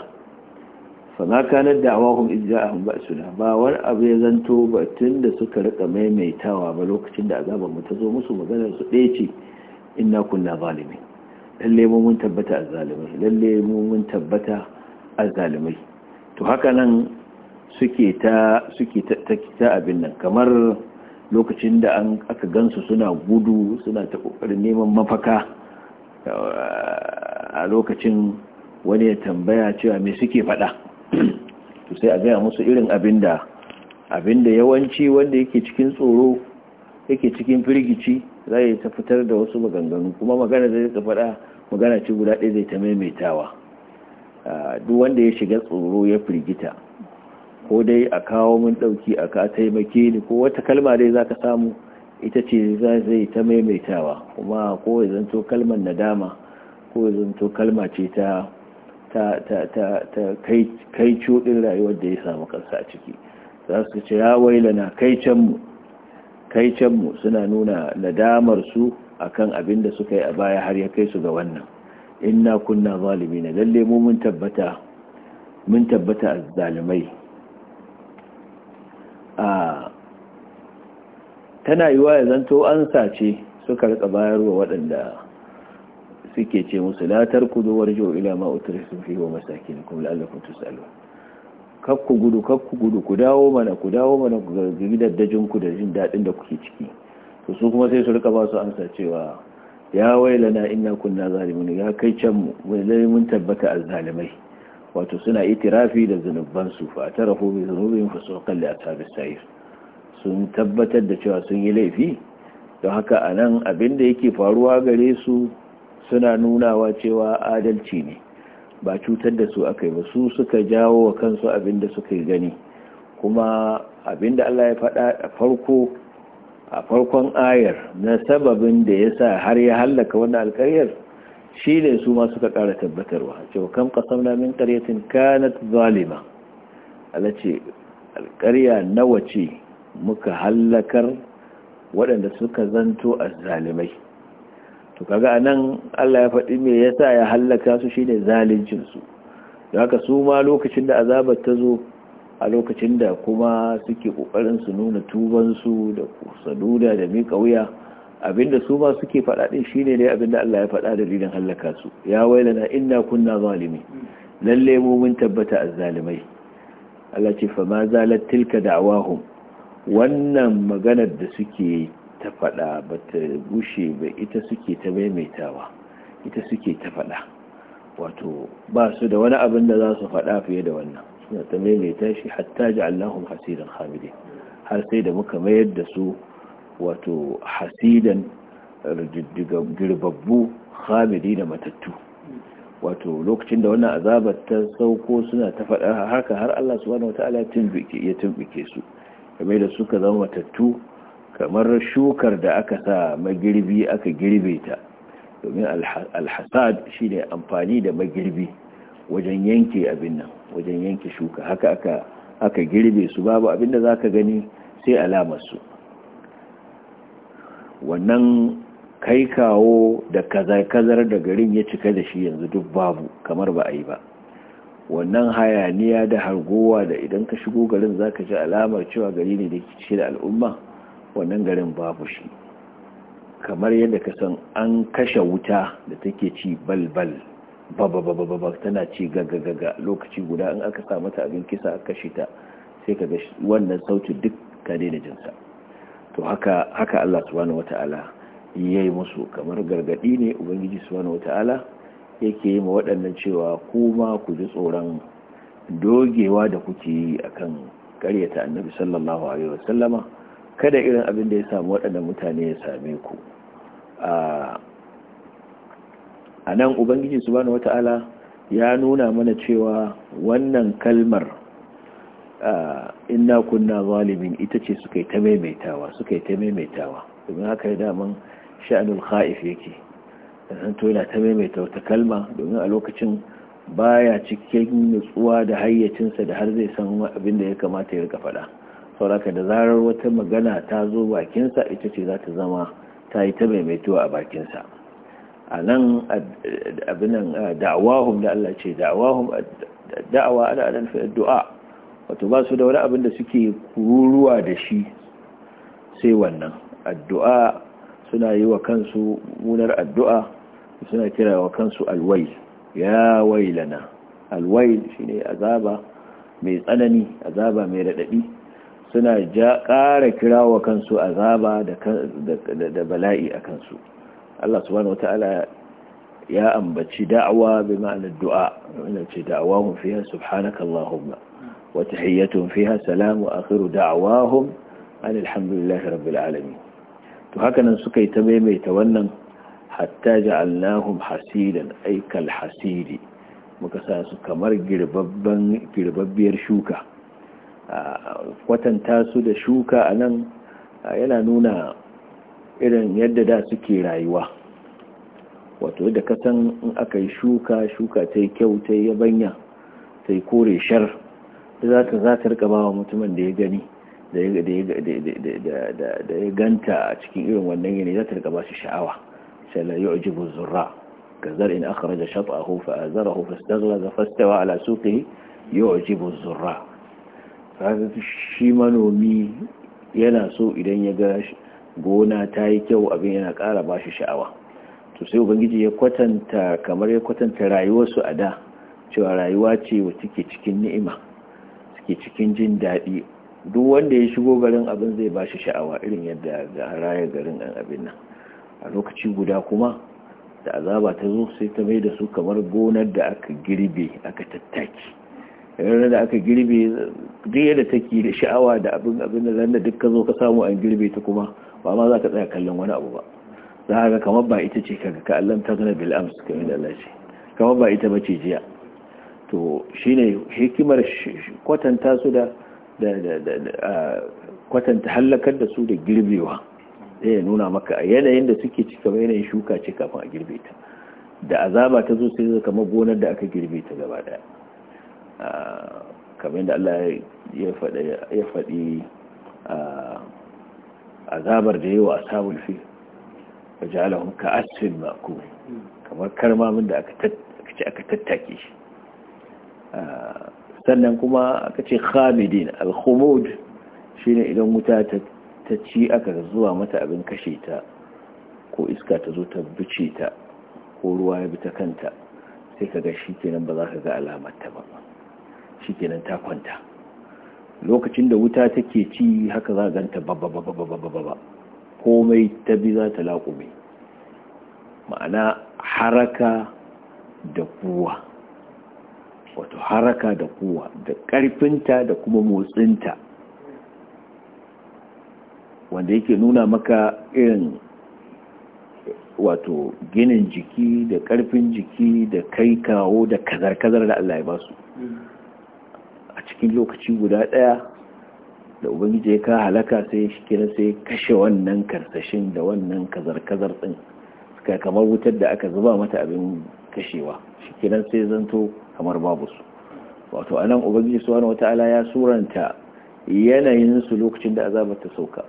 Speaker 1: fa ma kana da'awahum idja'ahum ba'suna ba wani abu ya zanto batun da suka rika maimaitawa ba lokacin da azaban mu ta zo musu maganar su ɗaya ce inna kunna zalimin lalle mu mun tabbata azzalimai lalle mu mun tabbata azzalimai to haka nan suke ta suke ta abin nan kamar lokacin da an aka gansu suna gudu suna ta kokarin neman mafaka eh, a lokacin wani ya tambaya cewa me suke faɗa to sai a gaya musu irin abinda abinda yawanci wanda yake cikin tsoro yake cikin firgici za ya ta fitar da wasu maganganu kuma magana zai ta faɗa magana ce guda ɗaya zai ta maimaitawa eh, duk wanda ya shiga tsoro ya firgita ko dai a kawo mun ɗauki a ka taimake ni ko wata kalma dai za ka samu ita ce zai ta maimaitawa kuma ko zanto kalmar nadama ko zanto kalma ce ta ta ta ta ta kai cuɗin rayuwar da ya samu kansa a ciki za su ce ya wailana kai mu kai mu suna nuna nadamar su akan abin da suka yi a baya har ya kai su ga wannan inna kunna zalimin lalle mu mun tabbata mun tabbata zalimai a tana yiwa ya zanto an sace suka rika bayarwa waɗanda suke ce musu latar ku zo warjo ila ma utur wa masaki ne kuma la'allakun tusalu kakku gudu kakku gudu ku dawo mana ku dawo mana ku ga dajin ku da jin daɗin da kuke ciki to su kuma sai su rika ba su amsa cewa ya wailana inna kunna zalimin ya kai can mu wai mun tabbata zalimai wato suna itirafi da zunubansu fa atarafu bi zunubin fa suqal li ashabis sa'ir sun tabbatar da cewa sun yi laifi don haka anan abin da yake faruwa gare su suna nunawa cewa adalci ne ba cutar da su akai ba su suka jawo wa kansu abin da suka gani kuma abin da Allah ya faɗa a farko a farkon ayar na sababin da ya sa har ya hallaka wannan alƙaryar shi ne su ma suka ƙara tabbatarwa cewa kam kasamna min ƙaryatin kanat zalima ala ce alƙarya nawa ce muka hallakar waɗanda suka zanto a zalimai to kaga anan Allah ya faɗi me yasa ya hallaka su shi ne zalincinsu da haka su ma lokacin da azabar ta zo a lokacin da kuma suke ƙoƙarin su nuna tubansu su da saduda da miƙa wuya abinda su ma suke faɗa din shine ne abinda Allah ya faɗa dalilin hallaka su ya wailana inna kunna zalimi lalle mu mun tabbata azzalimai Allah ce fa ma zalat tilka da'wahum wannan maganar da suke ta faɗa ba ta gushe ba ita suke ta maimaitawa ita suke ta faɗa wato ba su da wani abin da za su faɗa fiye da wannan suna ta maimaita shi hatta ji allahun hasirin hamidi har sai da muka mayar da su wato hasidan girbabbu hamidi da matattu wato lokacin da wannan azabar ta sauko suna ta faɗa haka har Allah subhanahu wata'ala ya tumbike su kamar da suka zama matattu kamar shukar da aka sa magirbi aka girbe ta domin alhasad shine amfani da magirbi wajen yanke abin nan wajen yanke shuka haka aka aka girbe su babu abin da zaka gani sai alamar su wannan kai kawo da kazar-kazar da garin ya cika da shi yanzu duk babu kamar ba a yi ba wannan hayaniya da hargowa da idan ka shigo garin za ka ji alamar cewa gari ne da ke ce da al'umma wannan garin babu shi kamar yadda ka san an kashe wuta da take ci balbal bababababa tana ci gagagaga lokaci guda in aka sa mata abin kisa a kashe ta sai ka ga wannan sautin duk ka daina jinsa to haka haka Allah subhanahu wata'ala yayi musu kamar gargadi ne ubangiji subhanahu wata'ala yake yi ma waɗannan cewa kuma ku ji tsoron dogewa da kuke yi akan ƙaryata annabi sallallahu alaihi wasallama kada irin abin da ya samu waɗannan mutane ya same ku a nan ubangiji subhanahu wata'ala ya nuna mana cewa wannan kalmar inna kunna zalimin ita ce suka yi ta maimaitawa suka yi ta maimaitawa domin haka ya daman sha'anul kha'if yake sannan to yana ta maimaita wata kalma domin a lokacin baya cikin nutsuwa da hayyacinsa da har zai san abin da ya kamata ya faɗa sauraka da zarar wata magana ta zo bakinsa ita ce za ta zama ta yi ta maimaituwa a bakinsa a nan abinan da'awahum da Allah ce da'awahum da'awa ala alfi addu'a wato ba su da wani abin da suke kururuwa da shi sai wannan addu'a suna yi wa kansu munar addu'a suna kira wa kansu alwai ya wailana alwail shine azaba mai tsanani azaba mai radadi suna ja ƙara kira wa kansu azaba da bala'i a kansu Allah subhanahu wata'ala ya ambaci da'awa bi ma'anar du'a yana ce da'awa hun fiye subhanakallahumma وتحيتهم فيها سلام وآخر دعواهم أن الحمد لله رب العالمين وهكذا سكي تميمي تونم حتى جعلناهم حسيدا أي كالحسيد مكساس كمر girbabbiyar shuka kwatanta su da shuka a nan yana nuna irin yadda da suke rayuwa wato da kasan in aka yi shuka shuka ta yi kyau ta yi yabanya ta yi kore shar za ta za ta rika bawa mutumin da ya gani da ya ganta a cikin irin wannan yanayi za ta rika ba shi sha'awa sai la yu'jibu zurra kazar in akhraja shat'ahu fa azarahu fastaghlaza fastawa ala suqihi yu'jibu zurra shi manomi yana so idan ya ga gona ta yi kyau abin yana kara ba shi sha'awa to sai ubangiji ya kwatanta kamar ya kwatanta rayuwarsu a da cewa rayuwa ce wa ke cikin ni'ima ke cikin jin daɗi duk wanda ya shigo garin abin zai ba shi sha'awa irin yadda ga raya garin ɗan abin nan a lokaci guda kuma da azaba ta zo sai ta mai da su kamar gonar da aka girbe aka tattaki yanar da aka girbe duk yadda take da sha'awa da abin abin da zanda duk ka zo ka samu an girbe ta kuma ba ma za ka tsaya kallon wani abu ba za ga kamar ba ita ce kaga ka ta zana da Allah kamar ba ita ba ce jiya to shine hikimar kwatanta su da kwatanta hallakar da su da girbewa zai nuna maka a yanayin da suke cika yanayin shuka ce kafin a girbe ta da azaba ta zo sai zai kama gonar da aka girbe ta gaba daya kamar da Allah ya faɗi azabar da yawa a samun fi a alahun ka asfin mako kamar karmamin da aka tattake shi sannan kuma aka ce khamidin al-khumud shine idan wuta ta ci aka zuwa mata abin kashe ta ko iska ta zo ta bice ta ko ruwa ya bi ta kanta sai ka ga shikenan ba za ka ga alamar ta ba shikenan ta kwanta lokacin da wuta take ci haka za ganta ba babba babba ba komai ta bi za ta laƙume ma'ana haraka da kuwa wato haraka da kuwa da ƙarfinta da kuma motsinta wanda yake nuna maka irin wato ginin jiki da karfin jiki da kai kawo da kazar-kazar da Allah ya ba su a cikin lokaci guda ɗaya da ubangiji ya ka halaka sai shi kira sai kashe wannan karsashin da wannan kazar-kazar ɗin suka kamar wutar da aka zuba mata abin kashewa shi kiran sai zanto kamar babu su wato anan ubangiji subhanahu wataala ya suranta yanayin su lokacin da azabar ta sauka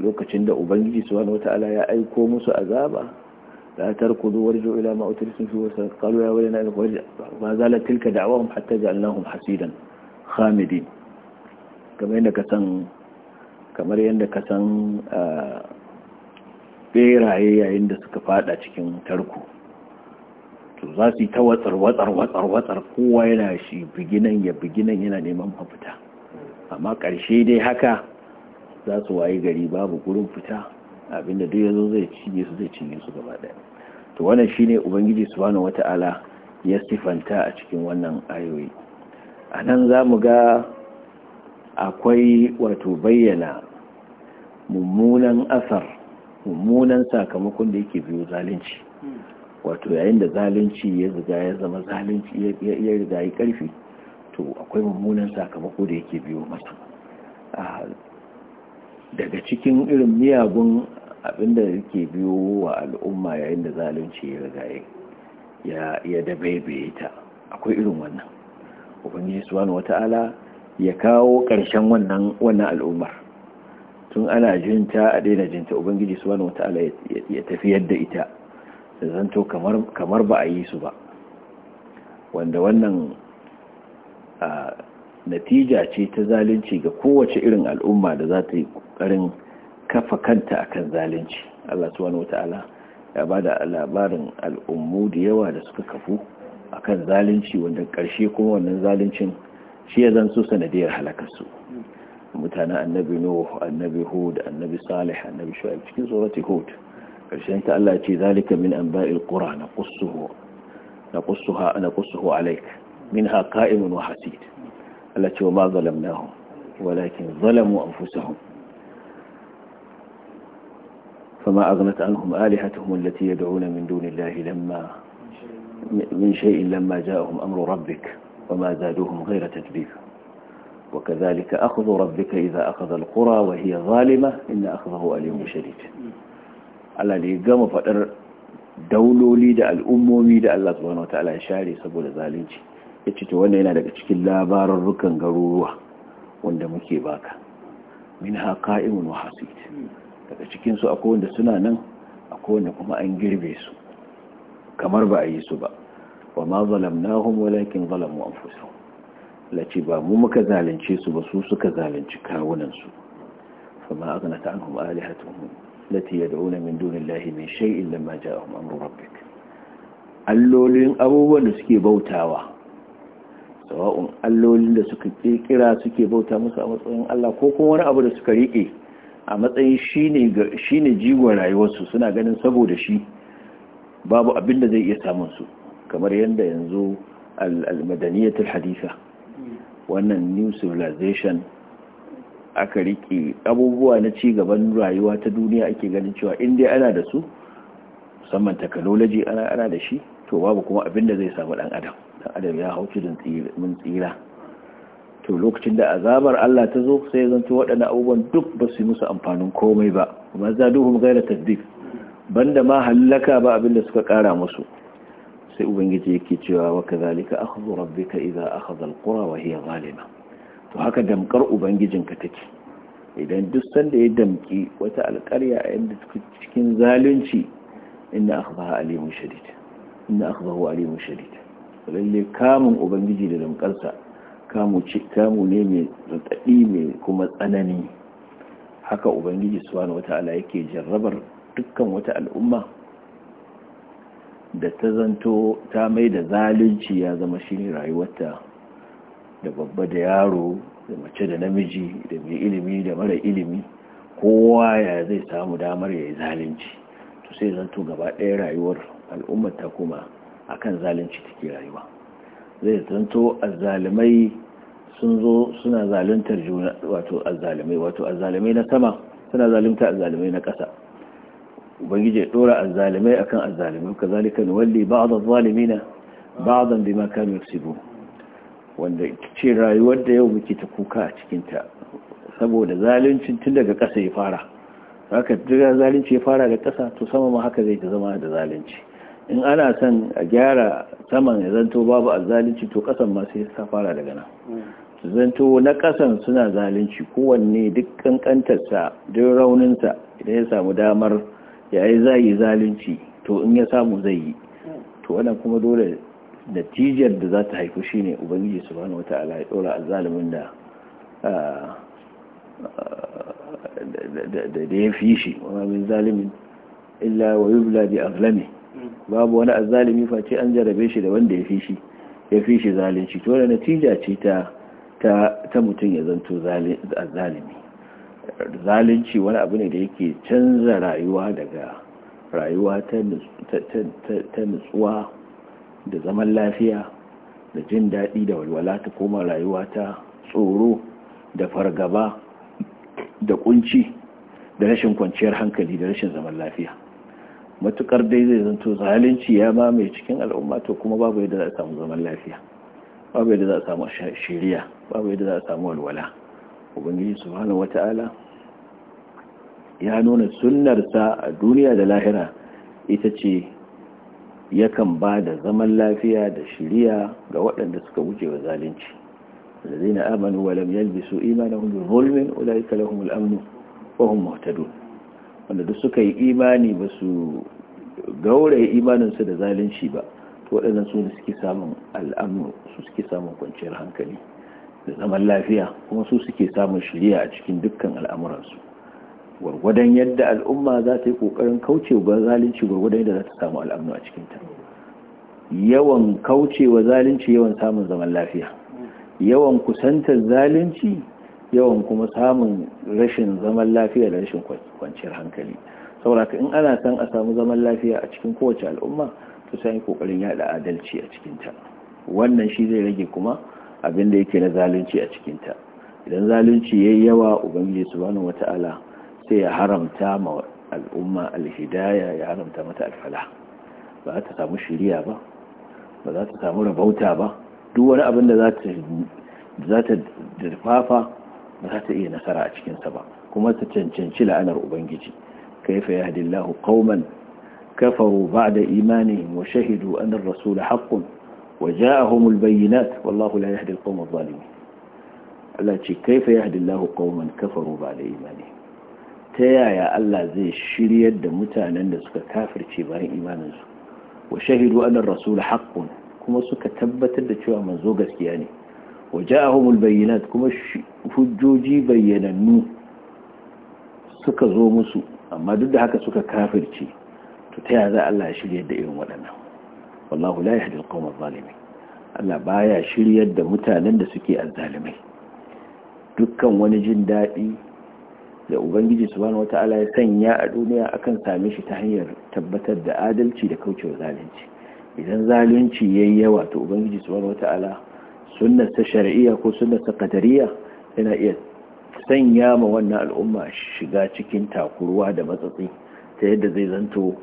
Speaker 1: lokacin da ubangiji subhanahu wataala ya aiko musu azaba لا تركضوا وارجعوا إلى ما أترسم فيه وسلم قالوا يا ولنا أنك وارجع ما زالت تلك دعواهم حتى جعلناهم حسيدا خامدين kamar yadda ka san أنك ah, yayin da suka fada cikin tarko. to za su yi ta watsar watsar watsar watsar kowa yana shi biginan ya biginan yana neman mafita amma ƙarshe dai haka za su waye gari babu gurin fita abinda duk yanzu zai cinye su zai cinye su gaba ɗaya to wannan shine ubangiji subhanahu wata'ala ya sifanta a cikin wannan ayoyi a nan za mu ga akwai wato bayyana mummunan asar mummunan sakamakon da yake biyo zalunci wato yayin da zalunci ya riga ya zama zalunci ya riga ya karfi to akwai mummunan sakamako da yake biyo masa daga cikin irin miyagun abinda yake biyo wa al'umma yayin da zalunci ya riga ya dabaibaye ta akwai irin wannan ubangiji subhanahu wata'ala ya kawo ƙarshen wannan wannan al'ummar tun ana jinta a daina jinta ubangiji subhanahu wata'ala ya tafi yadda ita da zanto kamar ba a yi su ba wanda wannan natija ce ta zalunci ga kowace irin al'umma da za ta yi ƙoƙarin kafa kanta akan zalunci Allah subhanahu wata'ala ya ba da labarin al'ummu da yawa da suka kafu akan zalunci wanda ƙarshe kuma wannan zaluncin shi ya zanto sanadiyar halakarsu mutanen annabi nuhu annabi hud annabi salih annabi shu'aib cikin surati hud ألا يأتي ذلك من أنباء القرى نقصه نقصها نقصه عليك منها قائم وحسيد التي وما ظلمناهم ولكن ظلموا أنفسهم فما أغنت عنهم آلهتهم التي يدعون من دون الله لما من شيء لما جاءهم أمر ربك وما زادوهم غير تدبيك وكذلك أخذ ربك إذا أخذ القرى وهي ظالمة إن أخذه أليم شديد Allah ne gama faɗar dauloli da al'ummomi da Allah subhanahu wataala ya share saboda zalunci ya to wanda yana daga cikin rukan garuruwa wanda muke baka min haka wa hasid daga cikin su akwai wanda suna nan akwai wanda kuma an girbe su kamar ba a yi su ba ba ma zalamnahum walakin wa amfusa lace ba mu muka zalunce su ba su suka zalunci kawunan su fa التي da من دون mai من شيء لما جاءهم أمر ربك allolin abubuwan da suke bautawa sawa'un allolin da suka kira suke bauta musu a matsayin Allah ko kuma wani abu da suka riƙe a matsayin shi ne jigon rayuwarsu suna ganin saboda shi babu abin da zai iya samun su kamar yadda yanzu al-madaniyatul haditha wannan new civilization aka rike abubuwa na ci gaban rayuwa ta duniya ake ganin cewa in ana da su musamman technology ana ana da shi to babu kuma abin da zai samu dan adam dan adam ya hauci din mun tsira to lokacin da azabar Allah ta zo sai zanto waɗannan abubuwan duk ba su yi musu amfanin komai ba kuma duhum ghayra tadbik banda ma hallaka ba abin da suka kara musu sai ubangiji yake cewa wa kadhalika akhdhu rabbika idha akhadha alqura wa hiya zalima to haka damkar ubangijin ubangijinka take idan duk sanda ya damki wata alƙarya a yadda cikin zalunci inna akhbaha alimun shadid inna akhbahu alimun shadid lalle kamun ubangiji da damkarsa kamu ce kamu ne mai radadi mai kuma tsanani haka ubangiji subhanahu wataala yake jarrabar dukkan wata al'umma da ta zanto ta mai da zalunci ya zama shi rayuwarta da babba da yaro da mace da namiji da mai ilimi da mara ilimi kowa ya zai samu damar ya yi zalunci to sai zanto gaba ɗaya rayuwar al'ummar ta kuma akan zalunci take rayuwa zai zanto azzalimai sun zo suna zaluntar juna wato azzalimai wato azzalimai na sama suna zalunta azzalimai na ƙasa ubangiji ya dora azzalimai akan azzalimai kazalika nuwalli ba'd az-zalimina ba'dan bima kanu yaksibun wanda ce rayuwar da yau muke ta kuka a cikinta saboda zalunci tun daga ƙasa ya fara haka daga zalunci ya fara da ƙasa to sama ma haka zai ta zama da zalunci in ana son a gyara saman ya zanto babu zalunci to kasan ma sai ta fara daga nan su zanto na ƙasan suna zalunci kowanne duk ƙanƙantarsa duk sa idan ya samu damar ya yi zai zalunci to in ya samu zai yi to wannan kuma dole natijar da za ta haifu shine ubangiji wata ala ya dora a da da ya fi shi wa zalimin illa wa bula da azlami babu wani a zalimi face an jarabe shi da wanda ya fi shi ya fi shi zalunci to da natija ce ta ta mutum ya zanto zalimi zalunci wani abu ne da yake canza rayuwa daga rayuwa ta nutsuwa da zaman lafiya da jin daɗi da walwala ta koma rayuwa ta tsoro da fargaba da kunci da rashin kwanciyar hankali da rashin zaman lafiya matukar dai zai zanto zalunci ya mai cikin al'umma to kuma babu yadda za a samu zaman lafiya babu yadda za a samu shiriya babu yadda za a samu walwala ubangiji subhanahu wata'ala ya nuna sunnarsa a duniya da lahira ita ce yakan ba da zaman lafiya da shiriya ga waɗanda suka wuce wa zalunci الذين آمنوا ولم يلبسوا إيمانهم holmen أولئك لهم al'amnu ohun mahtadu wanda duk suka yi imani ba su gauraye imaninsu da zalunci ba to waɗannan su suke samun al'amnu su suke samun kwanciyar hankali da zaman lafiya kuma su suke samun shiriya a cikin dukkan al'amuransu gwargwadon yadda al'umma za ta yi kokarin kaucewa zalunci gwargwadon yadda za ta samu al'amnu a cikinta yawan kaucewa zalunci yawan samun zaman lafiya yawan kusantar zalunci yawan kuma samun rashin zaman lafiya da rashin kwanciyar hankali sauraka in ana san a samu zaman lafiya a cikin kowace al'umma to sai yi kokarin yada adalci a cikinta wannan shi zai rage kuma abin da yake na zalunci a cikinta idan zalunci yayi yawa ubangiji subhanahu wataala sai ya haramta ma al'umma alhidaya ya haramta mata alfala ba za ta samu shiriya ba ba za ta samu rabauta ba duk wani abin da za ta dirfafa ba za ta iya nasara a cikinsa ba kuma ta cancanci la'anar ubangiji kaifa ya hadillahu qauman kafaru da imani wa shahidu anna ar-rasul haqqun wa humul al-bayyinat wallahu la yahdi al-qawm adh-dhalimin Allah ce kaifa ya hadillahu qauman kafaru da imani. ta yaya Allah zai shiryar da mutanen da suka kafirce bayan imaninsu wa shahidu annar rasul haqqun kuma suka tabbatar da cewa manzo gaskiya ne wa ja'ahumul bayyinat kuma hujjoji bayyanannu suka zo musu amma duk da haka suka kafirce to ta yaya Allah ya shiryar da irin waɗannan wallahu la yahdi al adh-dhalimin Allah baya shiryar da mutanen da suke azzalimai dukkan wani jin daɗi da ubangiji subhanahu wata'ala ya sanya a duniya akan same shi ta hanyar tabbatar da adalci da kaucewa zalunci idan zalunci yayi yawa to ubangiji subhanahu wata'ala sunnar ta shar'iyya ko sunnar ta qadariyya yana iya sanya ma wannan al'umma shiga cikin takuruwa da matsatsi ta yadda zai zanto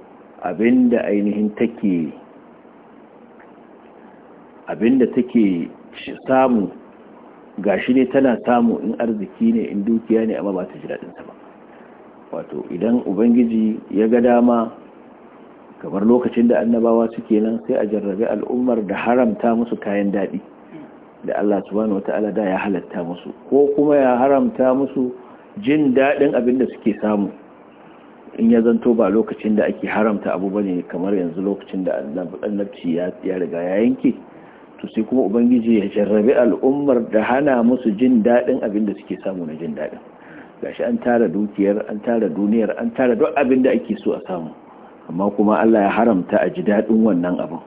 Speaker 1: abinda ainihin take abinda take samu gashi ne tana samu in arziki ne in dukiya ne amma ba ta ji daɗinta ba wato idan ubangiji ya ga dama kamar lokacin da annabawa suke nan sai a jarrabe al'ummar da haramta musu kayan daɗi da Allah subhanahu wata'ala da ya halatta musu ko kuma ya haramta musu jin daɗin abin da suke samu in ya zanto ba lokacin da ake haramta abu bane kamar yanzu lokacin da annabci ya riga ya yanke to sai kuma ubangiji ya jarrabe al'ummar da hana musu jin daɗin abin da suke samu na jin daɗin gashi an tara dukiyar an tara duniyar an tara duk abin da ake so a samu amma kuma Allah ya haramta a ji daɗin wannan abin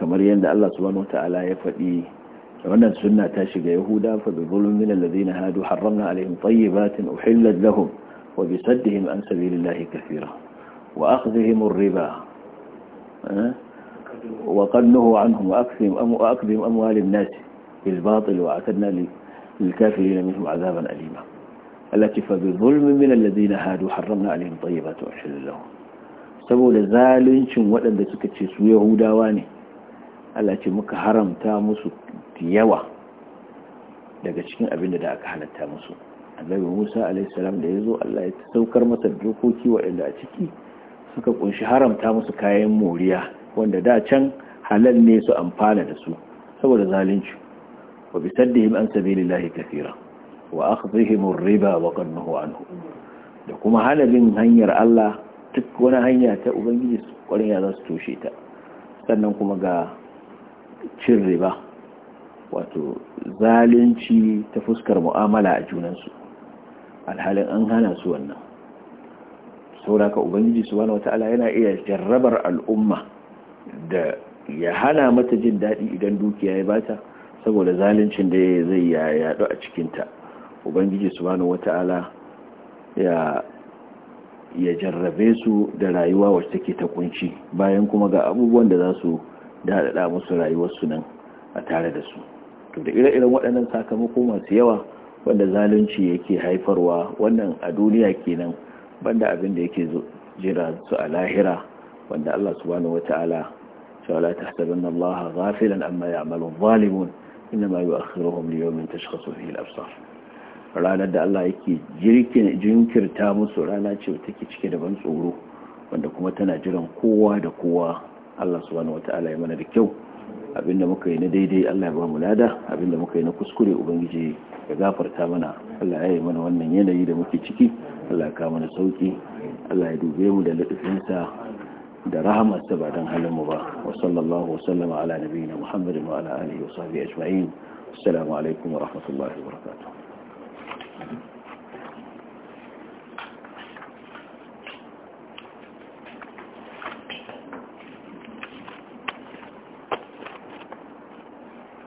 Speaker 1: kamar yadda Allah subhanahu ta'ala ya faɗi wannan sunna ta shiga yahuda fa bi zulmin alladhina hadu harramna alaihim tayyibatin uhillat lahum wa bi saddihim an sabilillahi kathira wa akhdhihim ar-riba eh? وقد نهوا عنهم وأكلهم أموال الناس بالباطل وأعتدنا للكافرين منهم عذابا أليما التي فبظلم من الذين هادوا حرمنا عليهم طيبات وأحل لهم saboda zaluncin waɗanda suka ce su ya hudawa ne Allah ce muka haramta musu yawa daga cikin abinda da aka halatta musu annabi Musa alaihissalam da ya zo Allah ya saukar masa dokoki waɗanda a ciki suka kunshi haramta musu kayan moriya wanda da can halal ne su amfana da su saboda zalunci wa bi saddihim an sabilillahi kafira wa akhdhihim ar-riba wa qannahu anhu da kuma halalin hanyar Allah duk wani hanya ta ubangiji su kwarin ya za su toshe ta sannan kuma ga cin riba wato zalunci ta fuskar mu'amala a junansu alhalin an hana su wannan sauraka ubangiji subhanahu wataala yana iya jarrabar al'umma da ya hana mata jin daɗi idan dukiya ya bata saboda zaluncin da zai yaɗu a cikinta ubangiji subhanahu wata'ala ya ya jarrabe su da rayuwa wacce take ta kunci bayan kuma ga abubuwan da za su daɗaɗa musu rayuwarsu nan a tare da su to da ire-iren waɗannan sakamako masu yawa wanda zalunci yake haifarwa wannan a duniya kenan banda abin da yake jira su a lahira wanda Allah subhanahu wata'ala cewa la tahsabanna Allah ghafilan amma ya'malu adh-dhalimun inma yu'akhiruhum li yawmin ta shiga al-absar ranar da Allah yake jinkirta musu rana ce take cike da ban tsoro wanda kuma tana jiran kowa da kowa Allah subhanahu wata'ala ya mana da kyau abinda muka yi na daidai Allah ya ba mu lada abinda muka yi na kuskure ubangiji ya gafarta mana Allah ya yi mana wannan yanayi da muke ciki Allah ya kawo mana sauki Allah ya dube mu da ladufinsa da rahamarsa ba don halinmu ba wa sallallahu wasallama ala nabiyina muhammadin wa ala alihi wa sahbihi ajma'in assalamu alaikum wa rahmatullahi wa barakatuh